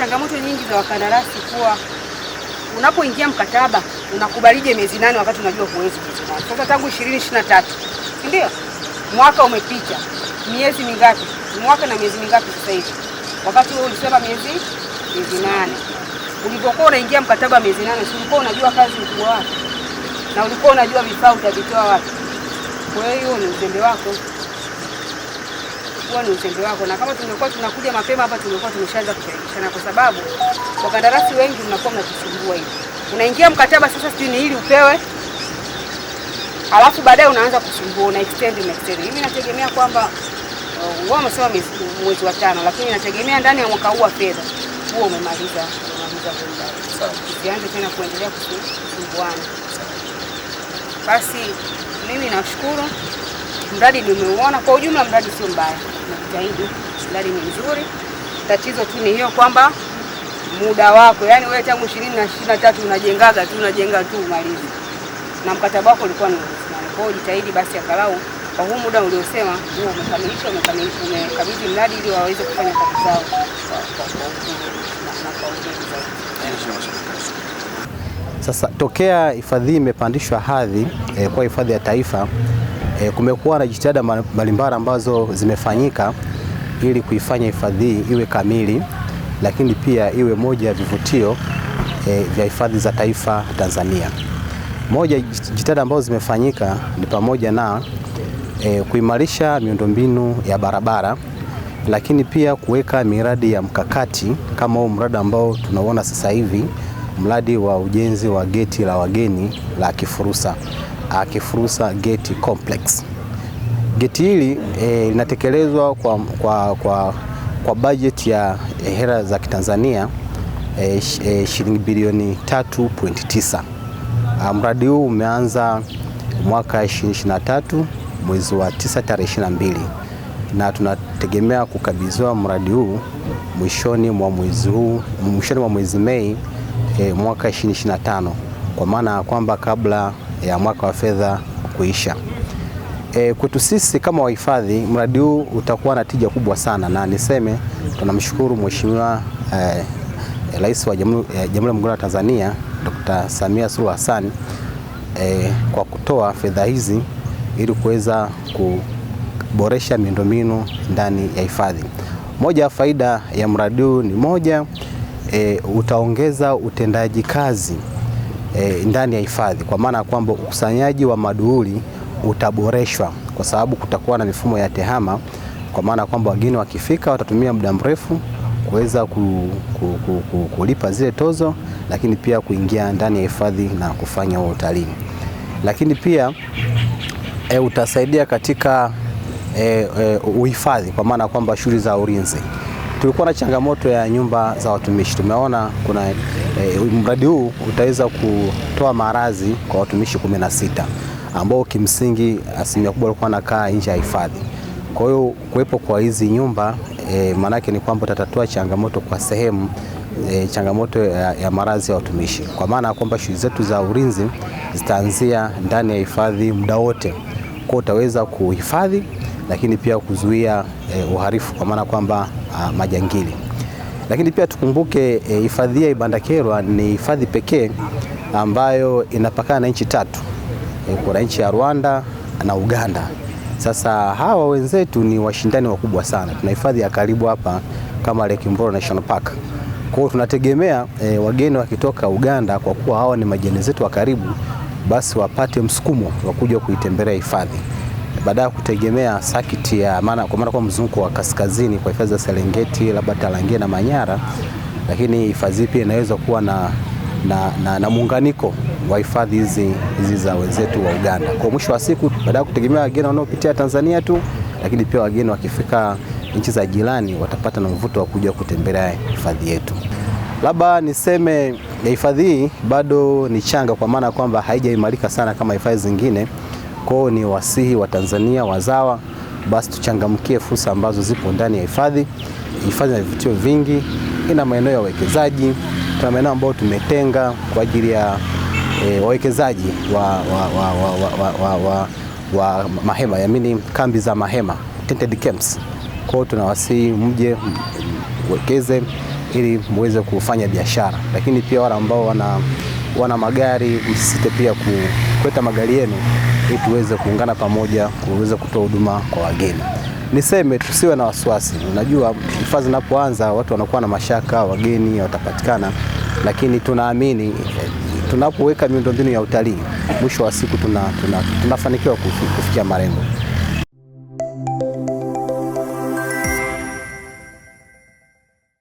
changamoto nyingi za wakandarasi kuwa unapoingia mkataba unakubalije miezi nane wakati unajua huwezi miezi nane. Sasa tangu 2023 tatu ndio? Mwaka umepita miezi mingapi? Mwaka na miezi mingapi sasa hivi? Wakati wewe ulisema miezi miezi nane. Ulipokuwa unaingia mkataba miezi nane, si ulikuwa unajua kazi kubwa wapi na ulikuwa unajua vifaa utavitoa wapi? Kwa hiyo ni uzembe wako huwa ni uzembe wako, na kama tungekuwa tunakuja mapema hapa tungekuwa tumeshaanza kushirikishana, kwa sababu wakandarasi wengi mnakuwa mnatusumbua hivi. Unaingia mkataba sasa, sijui ni hili upewe, alafu baadaye unaanza kusumbua, una extend na extend. Mimi nategemea kwamba uh, wao wamesema mwezi wa tano, lakini nategemea ndani ya mwaka huu wa fedha huo umemaliza, umemaliza kwenda, usianze tena kuendelea kusumbuana. Basi mimi nashukuru mradi nimeuona kwa ujumla, mradi sio mbaya jitahidi, silari ni nzuri. Tatizo tu ni hiyo kwamba muda wako, yani wewe tangu ishirini na ishirini na tatu unajengaga tu unajenga tu umalizi, na mkataba wako ulikuwa ni kwa jitahidi basi angalau kwa huu muda uliosema huo umekamilisha, umekabidhi mradi ili waweze kufanya kazi zao kwa uzuri zaidi. Sasa tokea hifadhi imepandishwa hadhi eh, kwa hifadhi ya taifa E, kumekuwa na jitihada mbalimbali ambazo zimefanyika ili kuifanya hifadhi hii iwe kamili, lakini pia iwe moja ya vivutio e, vya hifadhi za taifa Tanzania. Moja jitihada ambazo zimefanyika ni pamoja na e, kuimarisha miundombinu ya barabara, lakini pia kuweka miradi ya mkakati kama huu mradi ambao tunauona sasa hivi, mradi wa ujenzi wa geti la wageni la Kifurusa Kifurusa Gate Complex. Geti hili e, linatekelezwa kwa, kwa, kwa, kwa bajeti ya e, hera za Kitanzania e, sh, e, shilingi bilioni 3.9. Mradi huu umeanza mwaka 2023 mwezi wa 9 tarehe 22 na tunategemea kukabidhiwa mradi huu mwishoni mwa mwezi huu mwishoni mwa mwezi Mei e, mwaka 2025 kwa maana ya kwamba kabla ya mwaka wa fedha kuisha. E, kwetu sisi kama wahifadhi mradi huu utakuwa na tija kubwa sana, na niseme tunamshukuru Mheshimiwa e, Rais wa e, Jamhuri ya Muungano wa Tanzania Dr. Samia Suluhu Hassan e, kwa kutoa fedha hizi ili kuweza kuboresha miundombinu ndani ya hifadhi. Moja ya faida ya mradi huu ni moja, e, utaongeza utendaji kazi e, ndani ya hifadhi, kwa maana ya kwamba ukusanyaji wa maduhuli utaboreshwa kwa sababu kutakuwa na mifumo ya tehama, kwa maana ya kwamba wageni wakifika watatumia muda mrefu kuweza ku, ku, ku, ku, kulipa zile tozo, lakini pia kuingia ndani ya hifadhi na kufanya huo utalii. Lakini pia e, utasaidia katika e, e, uhifadhi kwa maana kwamba shughuli za ulinzi Tulikuwa na changamoto ya nyumba za watumishi. Tumeona kuna e, mradi huu utaweza kutoa maradhi kwa watumishi kumi na sita ambao kimsingi asilimia kubwa walikuwa wanakaa nje ya hifadhi. Kwa hiyo kuwepo kwa hizi nyumba e, maanake ni kwamba utatatua changamoto kwa sehemu e, changamoto ya, ya maradhi ya watumishi, kwa maana ya kwamba shughuli zetu za ulinzi zitaanzia ndani ya hifadhi muda wote, kwa utaweza kuhifadhi lakini pia kuzuia e, uharifu kwa maana kwamba Uh, majangili. Lakini pia tukumbuke eh, hifadhi ya Ibandakerwa ni hifadhi pekee ambayo inapakana na nchi tatu. Eh, kuna nchi ya Rwanda na Uganda. Sasa hawa wenzetu ni washindani wakubwa sana. Tuna hifadhi ya karibu hapa kama Lake Mboro National Park. Kwa hiyo tunategemea e, wageni wakitoka Uganda kwa kuwa hawa ni majirani zetu wa karibu, basi wapate msukumo wa kuja kuitembelea hifadhi baada ya kutegemea sakiti ya maana kwa maana kwa mzunguko wa kaskazini kwa hifadhi za Serengeti labda Tarangire na Manyara, lakini hifadhi pia inaweza kuwa na, na, na, na muunganiko wa hifadhi hizi hizi za wenzetu wa Uganda. Kwa mwisho wa siku, baada ya kutegemea wageni wanaopitia Tanzania tu, lakini pia wageni wakifika nchi za jirani watapata na mvuto wa kuja kutembelea hifadhi yetu. Labda niseme hifadhi hii bado ni changa, kwa maana kwamba haijaimarika sana kama hifadhi zingine. Kwao ni wasihi wa Tanzania wazawa, basi tuchangamkie fursa ambazo zipo ndani ya hifadhi. Hifadhi na vivutio vingi, ina maeneo ya uwekezaji tuna maeneo ambayo tumetenga kwa ajili ya e, wawekezaji wa, wa, wa, wa, wa, wa, wa mahema yamini kambi za mahema tented camps. Kwao tunawasihi mje wekeze ili muweze kufanya biashara, lakini pia wale ambao wana, wana magari msisite pia kuleta magari yenu ili tuweze kuungana pamoja kuweza kutoa huduma kwa wageni. Niseme tusiwe na wasiwasi. Unajua, hifadhi inapoanza watu wanakuwa na mashaka, wageni watapatikana, lakini tunaamini tunapoweka miundombinu ya utalii, mwisho wa siku tunafanikiwa tuna, tuna kufikia malengo.